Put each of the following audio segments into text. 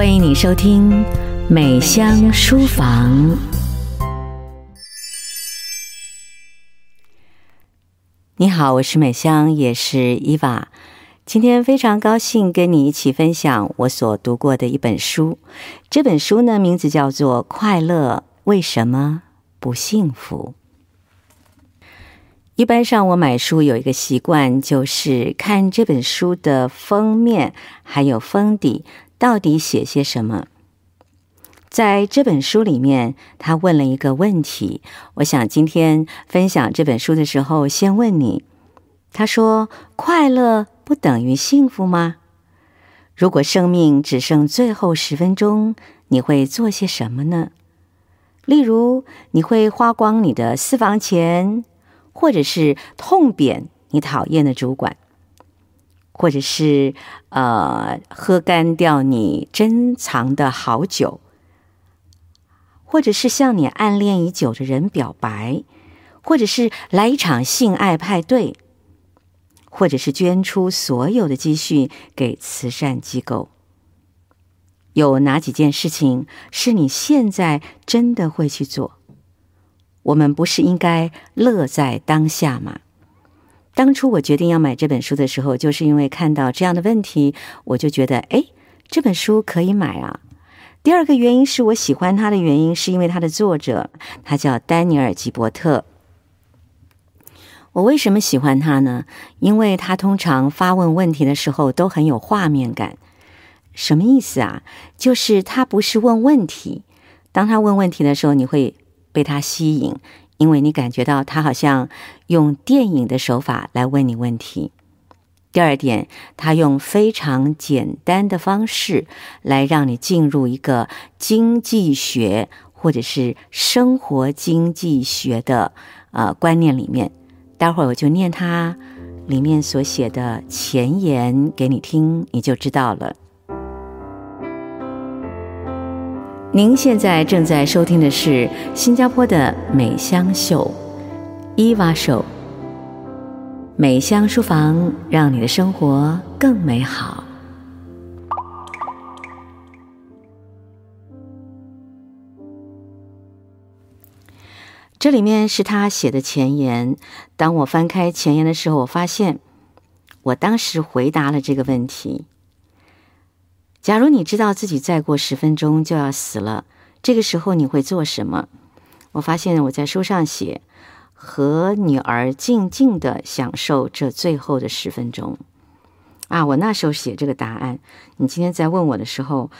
歡迎你收聽美香書房。美香。你好，我是美香，也是伊娃。今天非常高興跟你一起分享我所讀過的一本書。這本書呢，名字叫做《快樂為什麼不幸福》。一般上，我買書有一個習慣，就是看這本書的封面，還有封底。到底寫些什麼？在這本書裡面，他問了一個問題。我想今天分享這本書的時候，先問你：他說，快樂不等於幸福嗎？如果生命只剩最後十分鐘，你會做些什麼呢？例如，你會花光你的私房錢，或者是痛扁你討厭的主管。或者是呃喝乾掉你珍藏的好酒，或者是向你暗戀已久的人表白，或者是來一場性愛派對，或者是捐出所有的積蓄給慈善機構。有哪幾件事情是你現在真的會去做？我們不是應該樂在當下嗎？當初我決定要買這本書的時候，就是因為看到這樣的問題，我就覺得，哎，這本書可以買啊。第二個原因是我喜歡他的原因，是因為他的作者，他叫丹尼爾·吉伯特。我為什麼喜歡他呢？因為他通常發問問題的時候都很有畫面感。什麼意思啊？就是他不是問問題，當他問問題的時候，你會被他吸引。因為你感覺到他好像用電影的手法來問你問題。第二點，他用非常簡單的方式來讓你進入一個經濟學或者是生活經濟學的呃觀念裡面。待會兒我就念他裡面所寫的前言給你聽，你就知道了。您現在正在收聽的是新加坡的美香秀，Eva Show。美香書房，讓你的生活更美好。這裡面是他寫的前言。當我翻開前言的時候，我發現我當時回答了這個問題。假如你知道自己再過十分鐘就要死了，這個時候你會做什麼？我發現我在書上寫，和女兒靜靜的享受這最後的十分鐘。啊，我那時候寫這個答案，你今天在問我的時候，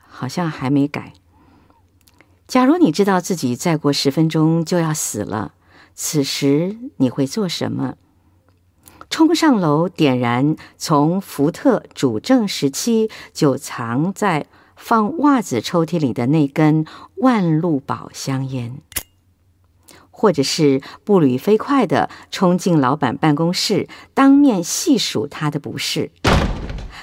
好像還沒改。假如你知道自己再過十分鐘就要死了，此時你會做什麼？衝上樓，點燃從福特主政時期就藏在放襪子抽屜裡的那根萬路寶香煙，或者是步履飛快地衝進老板辦公室當面細數他的不是，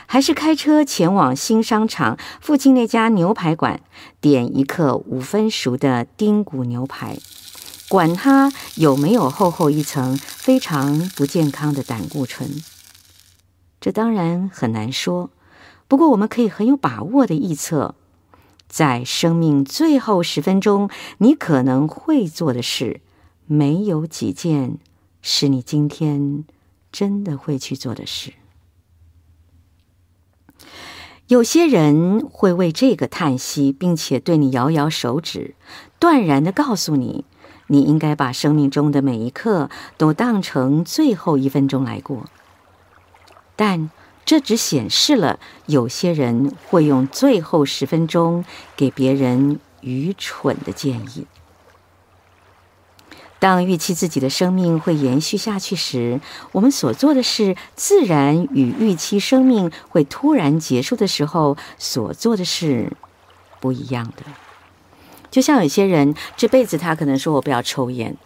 還是開車前往新商場附近那家牛排館，點一客五分熟的丁骨牛排。管它有沒有厚厚一層非常不健康的膽固醇，這當然很難說。不過，我們可以很有把握的預測，在生命最後十分鐘，你可能會做的事，沒有幾件是你今天真的會去做的事。有些人會為這個嘆息，並且對你搖搖手指，斷然的告訴你。你應該把生命中的每一刻都當成最後一分鐘來過，但這只顯示了有些人會用最後十分鐘給別人愚蠢的建議。當預期自己的生命會延續下去時，我們所做的事，自然與預期生命會突然結束的時候所做的事，不一樣的。就像有些人這輩子他可能說我不要抽煙，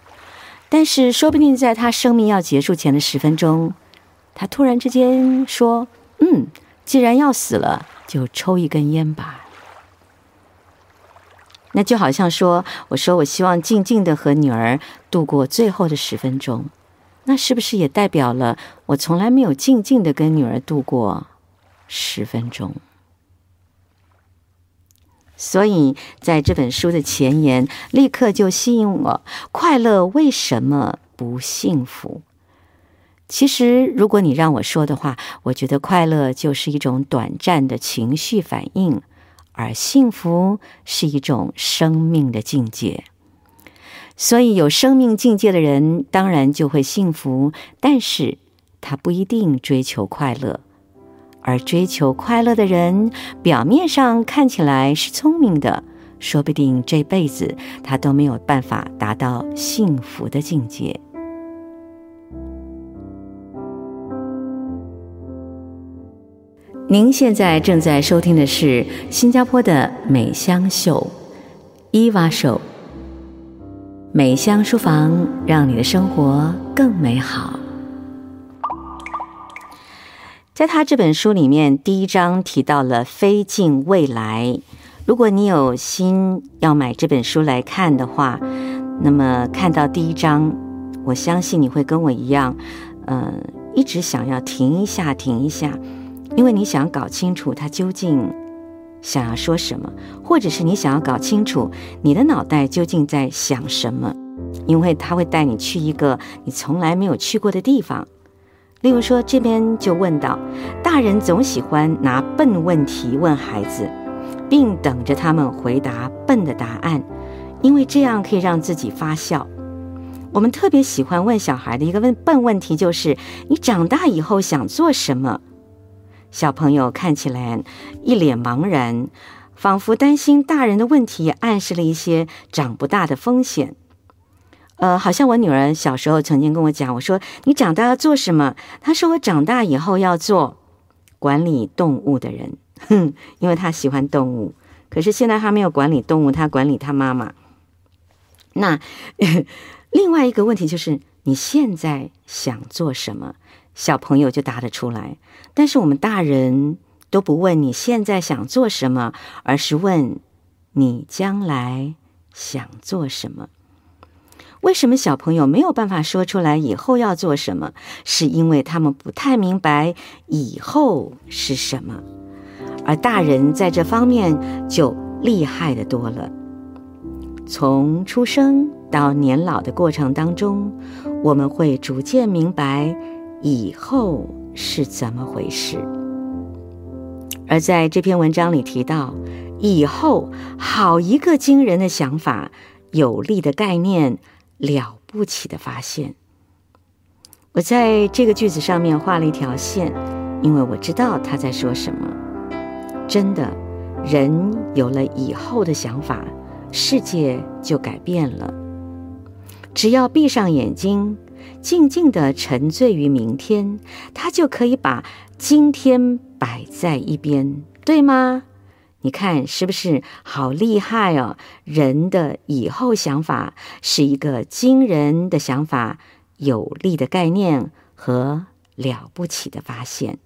但是說不定在他生命要結束前的十分鐘，他突然之間說：“嗯，既然要死了，就抽一根煙吧。”那就好像說，我說我希望靜靜的和女兒度過最後的十分鐘，那是不是也代表了我從來沒有靜靜的跟女兒度過十分鐘？所以，在這本書的前言立刻就吸引我。快樂為什麼不幸福？其實，如果你讓我說的話，我覺得快樂就是一種短暫的情緒反應，而幸福是一種生命的境界。所以，有生命境界的人當然就會幸福，但是他不一定追求快樂。而追求快樂的人，表面上看起來是聰明的，說不定這輩子他都沒有辦法達到幸福的境界。您現在正在收聽的是新加坡的美香秀，伊娃秀，美香書房，讓你的生活更美好。在他這本書裡面，第一章提到了飛進未來。如果你有心要買這本書來看的話，那麼看到第一章，我相信你會跟我一樣，嗯、呃，一直想要停一下，停一下，因為你想搞清楚他究竟想要說什麼，或者是你想要搞清楚你的腦袋究竟在想什麼，因為他會帶你去一個你從來沒有去過的地方。例如說，這邊就問到，大人總喜歡拿笨問題問孩子，並等着他們回答笨的答案，因為這樣可以讓自己發笑。我們特別喜歡問小孩的一個問笨問題，就是“你長大以後想做什麼？”小朋友看起來一臉茫然，仿佛擔心大人的問題也暗示了一些長不大的風險。呃，好像我女兒小時候曾經跟我講，我說你長大要做什麼？她說我長大以後要做管理動物的人，哼，因為她喜歡動物。可是現在她沒有管理動物，她管理她媽媽。那，呵呵，另外一個問題就是，你現在想做什麼？小朋友就答得出來，但是我們大人都不問你現在想做什麼，而是問你將來想做什麼。為什麼小朋友沒有辦法說出來以後要做什麼？是因為他們不太明白以後是什麼，而大人在這方面就厲害得多了。從出生到年老的過程當中，我們會逐漸明白以後是怎麼回事。而在這篇文章裡提到，以後好一個驚人的想法，有力的概念。了不起的發現。我在這個句子上面畫了一條線，因為我知道他在說什麼。真的，人有了以後的想法，世界就改變了。只要閉上眼睛，靜靜的沉醉於明天，他就可以把今天擺在一邊，對嗎？你看，是不是好厲害哦？人的以後想法是一個驚人的想法、有力的概念和了不起的發現。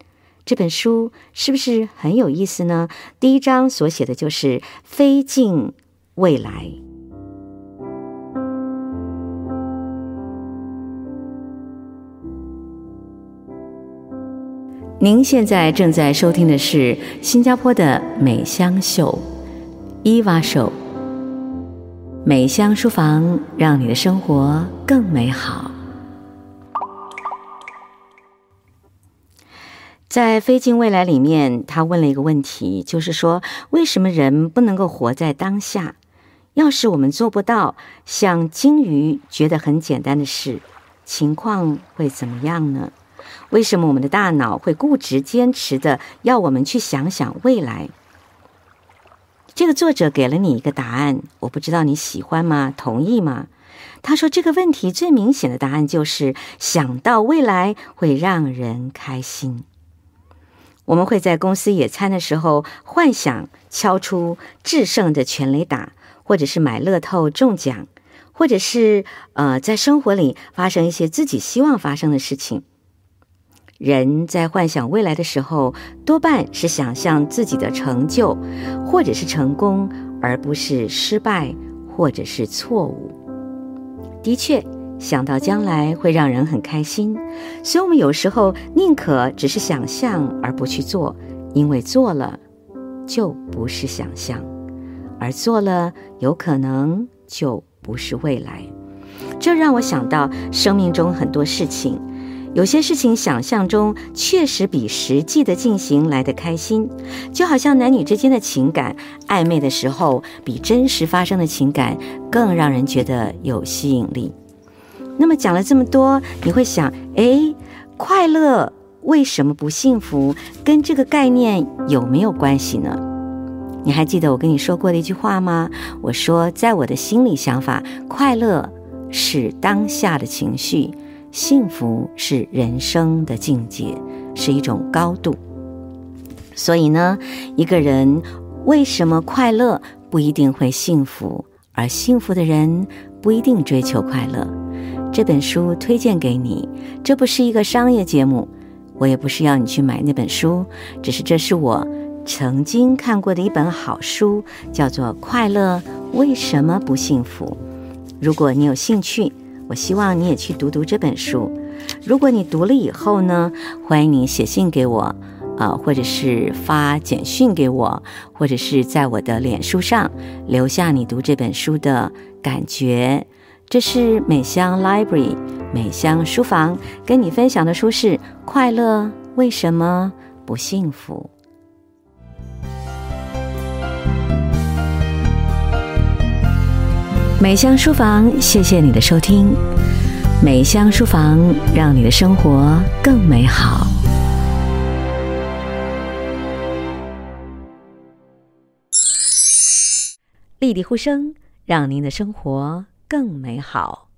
這本書是不是很有意思呢？第一章所寫的就是飛進未來。您現在正在收聽的是新加坡的美香秀，伊娃秀。美香書房，讓你的生活更美好。在《飛進未來》裡面，他問了一個問題，就是說為什麼人不能夠活在當下？要是我們做不到像金魚覺得很簡單的事，情況會怎麼樣呢？為什麼我們的大腦會固執堅持的要我們去想想未來？這個作者給了你一個答案，我不知道你喜歡嗎？同意嗎？他說這個問題最明顯的答案就是想到未來會讓人開心。我們會在公司野餐的時候幻想敲出制勝的全壘打，或者是買樂透中獎，或者是呃在生活裡發生一些自己希望發生的事情。人在幻想未來的時候，多半是想象自己的成就，或者是成功，而不是失敗，或者是錯誤。的確，想到將來會讓人很開心，所以我們有時候寧可只是想象而不去做，因為做了就不是想象，而做了有可能就不是未來。這讓我想到生命中很多事情。有些事情想象中確實比實際的進行來得開心，就好像男女之間的情感曖昧的時候，比真實發生的情感更讓人覺得有吸引力。那麼講了這麼多，你會想，哎，快樂為什麼不幸福？跟這個概念有沒有關係呢？你還記得我跟你說過的一句話嗎？我說，在我的心裡想法，快樂是當下的情緒。幸福是人生的境界，是一種高度。所以呢，一個人為什麼快樂不一定會幸福，而幸福的人不一定追求快樂。這本書推薦給你，這不是一個商業節目，我也不是要你去買那本書，只是這是我曾經看過的一本好書，叫做《快樂為什麼不幸福》。如果你有興趣，我希望你也去讀讀這本書。如果你讀了以後呢，歡迎你寫信給我，啊、呃，或者是發簡訊給我，或者是在我的臉書上留下你讀這本書的感覺。這是美香 Library 美香書房跟你分享的書是《快樂為什麼不幸福》。美香書房，謝謝你的收聽。美香書房，讓你的生活更美好。麗麗呼聲，讓您的生活更美好。